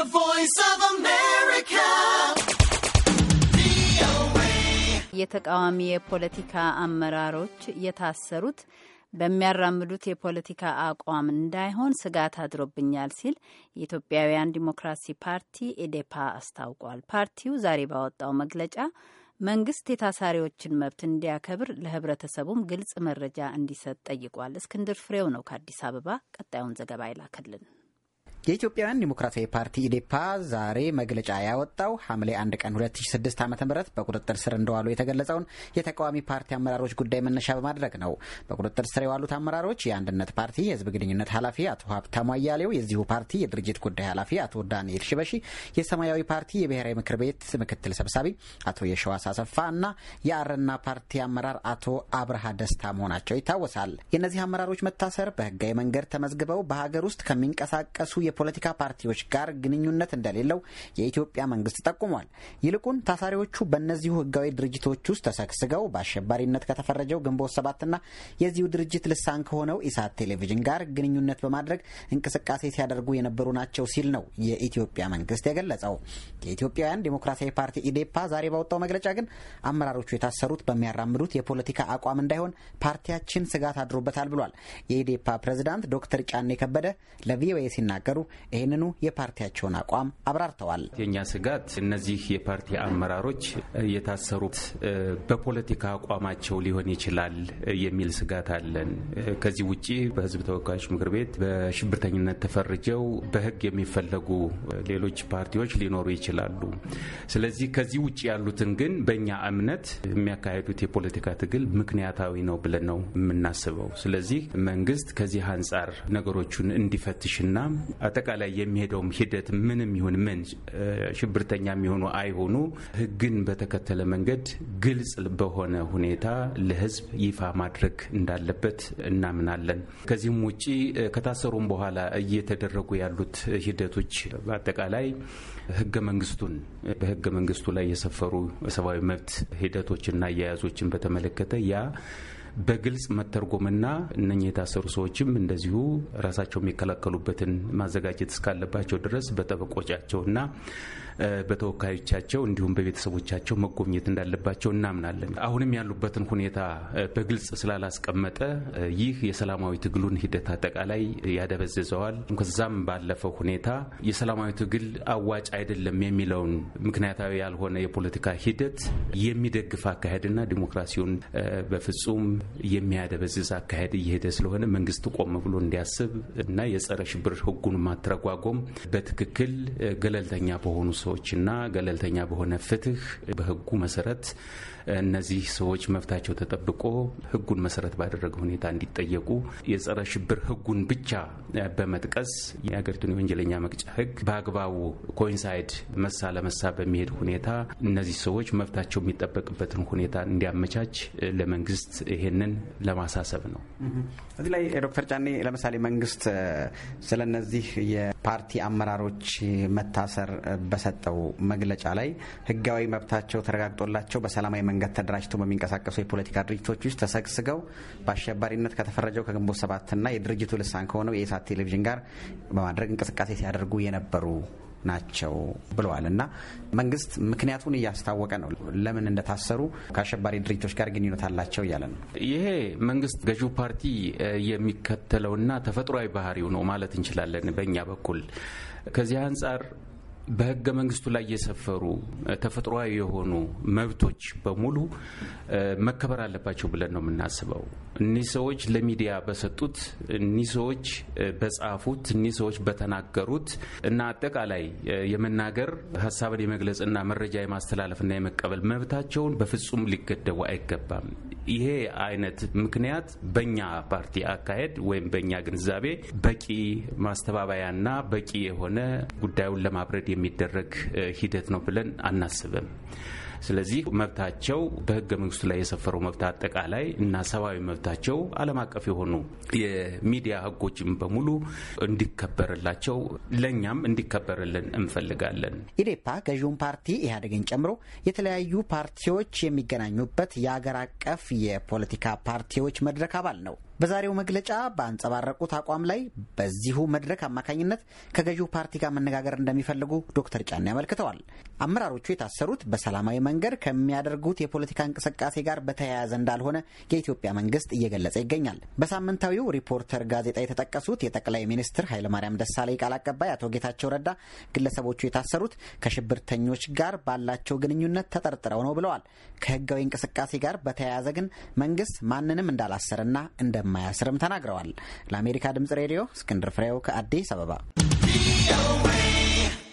The Voice of America. የተቃዋሚ የፖለቲካ አመራሮች የታሰሩት በሚያራምዱት የፖለቲካ አቋም እንዳይሆን ስጋት አድሮብኛል ሲል የኢትዮጵያውያን ዲሞክራሲ ፓርቲ ኤዴፓ አስታውቋል። ፓርቲው ዛሬ ባወጣው መግለጫ መንግስት የታሳሪዎችን መብት እንዲያከብር ለህብረተሰቡም ግልጽ መረጃ እንዲሰጥ ጠይቋል። እስክንድር ፍሬው ነው ከአዲስ አበባ ቀጣዩን ዘገባ ይላክልን። የኢትዮጵያውያን ዲሞክራሲያዊ ፓርቲ ኢዴፓ ዛሬ መግለጫ ያወጣው ሐምሌ 1 ቀን 2006 ዓ ም በቁጥጥር ስር እንደዋሉ የተገለጸውን የተቃዋሚ ፓርቲ አመራሮች ጉዳይ መነሻ በማድረግ ነው። በቁጥጥር ስር የዋሉት አመራሮች የአንድነት ፓርቲ የህዝብ ግንኙነት ኃላፊ አቶ ሀብታሙ አያሌው፣ የዚሁ ፓርቲ የድርጅት ጉዳይ ኃላፊ አቶ ዳንኤል ሽበሺ፣ የሰማያዊ ፓርቲ የብሔራዊ ምክር ቤት ምክትል ሰብሳቢ አቶ የሸዋስ አሰፋ እና የአረና ፓርቲ አመራር አቶ አብርሃ ደስታ መሆናቸው ይታወሳል። የእነዚህ አመራሮች መታሰር በህጋዊ መንገድ ተመዝግበው በሀገር ውስጥ ከሚንቀሳቀሱ የፖለቲካ ፓርቲዎች ጋር ግንኙነት እንደሌለው የኢትዮጵያ መንግስት ጠቁሟል። ይልቁን ታሳሪዎቹ በእነዚሁ ህጋዊ ድርጅቶች ውስጥ ተሰግስገው በአሸባሪነት ከተፈረጀው ግንቦት ሰባትና የዚሁ ድርጅት ልሳን ከሆነው ኢሳት ቴሌቪዥን ጋር ግንኙነት በማድረግ እንቅስቃሴ ሲያደርጉ የነበሩ ናቸው ሲል ነው የኢትዮጵያ መንግስት የገለጸው። የኢትዮጵያውያን ዴሞክራሲያዊ ፓርቲ ኢዴፓ ዛሬ ባወጣው መግለጫ ግን አመራሮቹ የታሰሩት በሚያራምዱት የፖለቲካ አቋም እንዳይሆን ፓርቲያችን ስጋት አድሮበታል ብሏል። የኢዴፓ ፕሬዝዳንት ዶክተር ጫኔ ከበደ ለቪኦኤ ሲናገሩ ይህንኑ የፓርቲያቸውን አቋም አብራርተዋል። የእኛ ስጋት እነዚህ የፓርቲ አመራሮች የታሰሩት በፖለቲካ አቋማቸው ሊሆን ይችላል የሚል ስጋት አለን። ከዚህ ውጭ በህዝብ ተወካዮች ምክር ቤት በሽብርተኝነት ተፈርጀው በህግ የሚፈለጉ ሌሎች ፓርቲዎች ሊኖሩ ይችላሉ። ስለዚህ ከዚህ ውጭ ያሉትን ግን በእኛ እምነት የሚያካሄዱት የፖለቲካ ትግል ምክንያታዊ ነው ብለን ነው የምናስበው። ስለዚህ መንግስት ከዚህ አንጻር ነገሮቹን እንዲፈትሽና አጠቃላይ የሚሄደውም ሂደት ምንም ይሁን ምን ሽብርተኛ የሚሆኑ አይሆኑ ሕግን በተከተለ መንገድ ግልጽ በሆነ ሁኔታ ለሕዝብ ይፋ ማድረግ እንዳለበት እናምናለን። ከዚህም ውጭ ከታሰሩም በኋላ እየተደረጉ ያሉት ሂደቶች በአጠቃላይ ሕገ መንግስቱን በሕገ መንግስቱ ላይ የሰፈሩ ሰብአዊ መብት ሂደቶችና አያያዞችን በተመለከተ ያ በግልጽ መተርጎምና እነኚህ የታሰሩ ሰዎችም እንደዚሁ ራሳቸው የሚከላከሉበትን ማዘጋጀት እስካለባቸው ድረስ በጠበቆቻቸውና በተወካዮቻቸው እንዲሁም በቤተሰቦቻቸው መጎብኘት እንዳለባቸው እናምናለን። አሁንም ያሉበትን ሁኔታ በግልጽ ስላላስቀመጠ ይህ የሰላማዊ ትግሉን ሂደት አጠቃላይ ያደበዝዘዋል። ከዛም ባለፈው ሁኔታ የሰላማዊ ትግል አዋጭ አይደለም የሚለውን ምክንያታዊ ያልሆነ የፖለቲካ ሂደት የሚደግፍ አካሄድና ዲሞክራሲውን በፍጹም የሚያደበዝዝ አካሄድ እየሄደ ስለሆነ መንግስት ቆም ብሎ እንዲያስብ እና የጸረ ሽብር ህጉን ማትረጓጎም በትክክል ገለልተኛ በሆኑ ሰ በመብቶችና ገለልተኛ በሆነ ፍትህ በህጉ መሰረት እነዚህ ሰዎች መብታቸው ተጠብቆ ህጉን መሰረት ባደረገ ሁኔታ እንዲጠየቁ የጸረ ሽብር ህጉን ብቻ በመጥቀስ የሀገሪቱን የወንጀለኛ መቅጫ ህግ በአግባቡ ኮይንሳይድ መሳ ለመሳ በሚሄድ ሁኔታ እነዚህ ሰዎች መብታቸው የሚጠበቅበትን ሁኔታ እንዲያመቻች ለመንግስት ይሄንን ለማሳሰብ ነው። እዚህ ላይ ዶክተር ጫኔ ለምሳሌ መንግስት ስለነዚህ የፓርቲ አመራሮች መታሰር በሰጠ በሰጠው መግለጫ ላይ ህጋዊ መብታቸው ተረጋግጦላቸው በሰላማዊ መንገድ ተደራጅተው በሚንቀሳቀሱ የፖለቲካ ድርጅቶች ውስጥ ተሰግስገው በአሸባሪነት ከተፈረጀው ከግንቦት ሰባትና የድርጅቱ ልሳን ከሆነው የኢሳት ቴሌቪዥን ጋር በማድረግ እንቅስቃሴ ሲያደርጉ የነበሩ ናቸው ብለዋል። እና መንግስት ምክንያቱን እያስታወቀ ነው። ለምን እንደታሰሩ ከአሸባሪ ድርጅቶች ጋር ግንኙነት አላቸው እያለ ነው። ይሄ መንግስት ገዢው ፓርቲ የሚከተለውና ተፈጥሯዊ ባህሪው ነው ማለት እንችላለን በእኛ በኩል ከዚህ አንጻር በህገ መንግስቱ ላይ የሰፈሩ ተፈጥሯዊ የሆኑ መብቶች በሙሉ መከበር አለባቸው ብለን ነው የምናስበው። እኒህ ሰዎች ለሚዲያ በሰጡት እኒህ ሰዎች በጻፉት እኒህ ሰዎች በተናገሩት እና አጠቃላይ የመናገር ሀሳብን የመግለጽና መረጃ የማስተላለፍና የመቀበል መብታቸውን በፍጹም ሊገደቡ አይገባም። ይሄ አይነት ምክንያት በእኛ ፓርቲ አካሄድ ወይም በእኛ ግንዛቤ በቂ ማስተባበያና በቂ የሆነ ጉዳዩን ለማብረድ የሚደረግ ሂደት ነው ብለን አናስብም። ስለዚህ መብታቸው በህገ መንግስቱ ላይ የሰፈረው መብት አጠቃላይ እና ሰብአዊ መብታቸው ዓለም አቀፍ የሆኑ የሚዲያ ህጎችም በሙሉ እንዲከበርላቸው ለእኛም እንዲከበርልን እንፈልጋለን። ኢዴፓ ገዢውን ፓርቲ ኢህአዴግን ጨምሮ የተለያዩ ፓርቲዎች የሚገናኙበት የአገር አቀፍ የፖለቲካ ፓርቲዎች መድረክ አባል ነው። በዛሬው መግለጫ በአንጸባረቁት አቋም ላይ በዚሁ መድረክ አማካኝነት ከገዢው ፓርቲ ጋር መነጋገር እንደሚፈልጉ ዶክተር ጫኔ አመልክተዋል። አመራሮቹ የታሰሩት በሰላማዊ መንገድ ከሚያደርጉት የፖለቲካ እንቅስቃሴ ጋር በተያያዘ እንዳልሆነ የኢትዮጵያ መንግስት እየገለጸ ይገኛል። በሳምንታዊው ሪፖርተር ጋዜጣ የተጠቀሱት የጠቅላይ ሚኒስትር ኃይለማርያም ደሳለኝ ቃል አቀባይ አቶ ጌታቸው ረዳ ግለሰቦቹ የታሰሩት ከሽብርተኞች ጋር ባላቸው ግንኙነት ተጠርጥረው ነው ብለዋል። ከህጋዊ እንቅስቃሴ ጋር በተያያዘ ግን መንግስት ማንንም እንዳላሰረና እንደ እንደማያስርም ተናግረዋል። ለአሜሪካ ድምጽ ሬዲዮ እስክንድር ፍሬው ከአዲስ አበባ